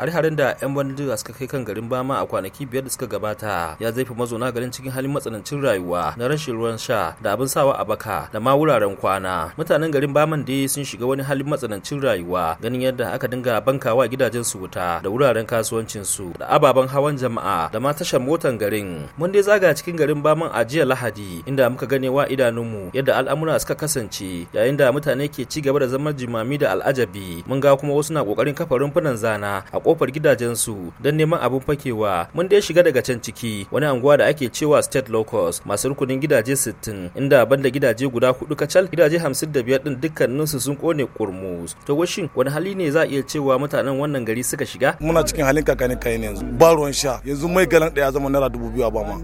har haren da 'yan bandiga suka kai kan garin bama a kwanaki biyar da suka gabata ya zaifi mazauna garin cikin halin matsanancin rayuwa na rashin ruwan sha da abin sawa a baka da ma wuraren kwana mutanen garin baman dai sun shiga wani halin matsanancin rayuwa ganin yadda aka dinga bankawa gidajen su wuta da wuraren kasuwancin su da ababen hawan jama'a da ma tashar motan garin mun dai zaga cikin garin baman a jiya lahadi inda muka gane wa idanunmu yadda al'amura suka kasance yayin da mutane ke ci gaba da zama jimami da al'ajabi mun ga kuma wasu na kokarin kafa rumfunan zana a kofar gidajensu don neman abin fakewa mun dai shiga daga can ciki wani anguwa da ake cewa state locals masu rukunin gidaje 60 inda banda gidaje guda hudu kacal gidaje 55 din dukkaninsu sun kone kurmus to washin wani hali ne za a iya cewa mutanen wannan gari suka shiga muna cikin halin kakanin ne yanzu ba ruwan sha yanzu mai galan daya zama naira dubu biyu a ba ma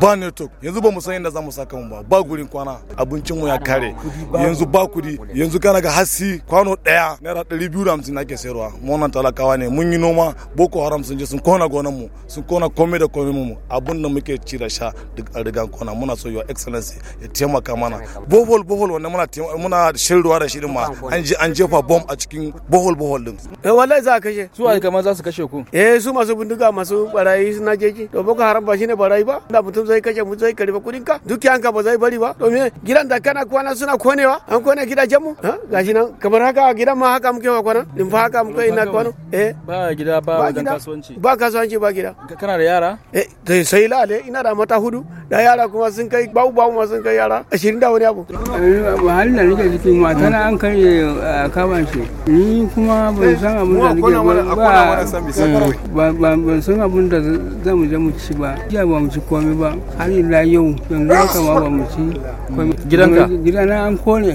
ba network yanzu ba mu san inda za mu saka mu ba ba gurin kwana abincin mu ya kare yanzu ba kudi yanzu kana ga hasi kwano daya naira 250 nake sayarwa mu wannan talakawa ne mun yi noma boko haram sun je sun kona gonan mu sun kona komai da komai mu abun da muke ci da sha duk a rigan kona muna so your excellency ya taimaka mana bohol bohol wanda muna muna shirruwa da shi din ma an je an jefa bomb a cikin bohol bohol din eh wallahi za ka kashe su a kamar za su kashe ku eh su masu bindiga masu barayi suna jeji to boko haram ba shine barayi ba da mutum zai kashe mutum zai karba kudin ka ka ba zai bari ba domin gidan da kana kwana suna konewa an kone gidajen mu gashi nan kamar haka gidan ma haka muke wa kwana din fa haka muke ina kwana eh ba gida ba wajen kasuwanci ba kasuwanci ba gida kana da yara eh sai lale ina da mata hudu da yara kuma sun kai babu babu ma sun kai yara ashirin da wani abu. Eh, halin da nake ciki mata na an kai eh, a kama shi ni kuma ban san abin da eh, nake ba ban san abin da za mu je mu ci ba jiya ba mu ci komai ba har ila yau yanzu haka ma ba mu ci gidanka gidana an kone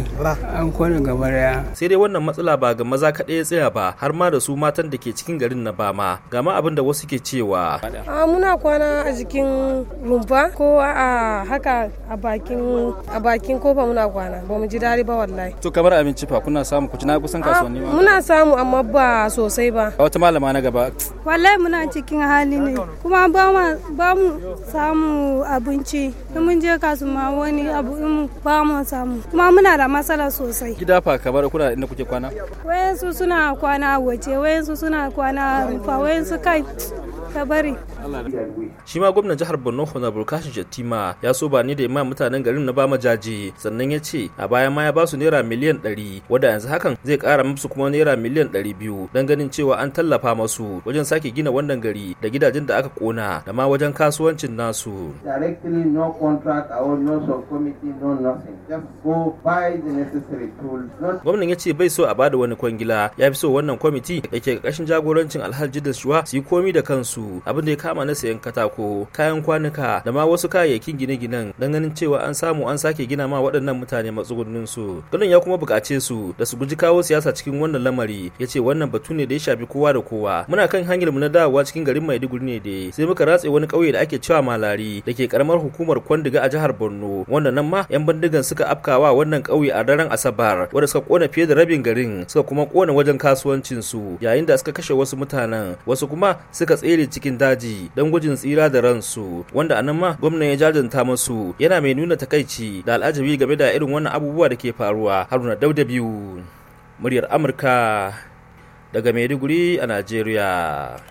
an kone gaba daya. sai dai wannan matsala ba ga maza kaɗai ya tsaya ba har ma da su matan da ke cikin garin na ba ma ga ma abin da wasu ke cewa. Ah, muna kwana a jikin rumfa ko ba a haka a bakin kofa muna kwana ba mu ji daɗi ba wallahi to kamar abinci fa kuna samu ku ci na kusan kasuwanni ma ah, muna samu amma ba sosai ba wata malama na gaba wallahi muna cikin hali ne kuma ba mu ba mu samu abinci in mun je kasuwa wani abu in ba mu samu kuma muna da matsala sosai gida fa kamar kuna inda kuke kwana wayansu suna kwana waje wayansu suna kwana rufa wayansu kai ta bari shi ma gwamnan jihar borno honorable Burkashi jatima ya so ba ni da ma mutanen garin na bama jaje sannan ya ce a baya ma ya ba su naira miliyan 100 wanda yanzu hakan zai kara musu kuma naira miliyan 200 don ganin cewa an tallafa masu wajen sake gina wannan gari da gidajen da aka kona da ma wajen kasuwancin nasu gwamnan ya ce bai so a bada wani kwangila ya fi so wannan kwamiti da ke ƙarƙashin jagorancin alhaji da shuwa su yi komi da kansu abin da ya kama na sayan katako kayan kwanuka da ma wasu kayayyakin gine-ginen don ganin cewa an samu an sake gina ma waɗannan mutane matsugunnin su ganin ya kuma buƙace su da su guji kawo siyasa cikin wannan lamari ya ce wannan batu ne da ya shafi kowa da kowa muna kan hanyar mu na dawowa cikin garin maiduguri ne dai sai muka ratse wani ƙauye da ake cewa malari da ke karamar hukumar kwandiga a jihar borno wanda nan ma yan bindigan suka afkawa wannan ƙauye a daren asabar wanda suka kona fiye da rabin garin suka kuma kona wajen kasuwancin su yayin da suka kashe wasu mutanen wasu kuma suka tsere cikin daji don gwajin tsira da ransu wanda anan ma gwamnan ya jajanta masu yana mai nuna takaici da al'ajabi game da irin wannan abubuwa da ke faruwa haruna dauda biyu muryar amurka daga maiduguri a najeriya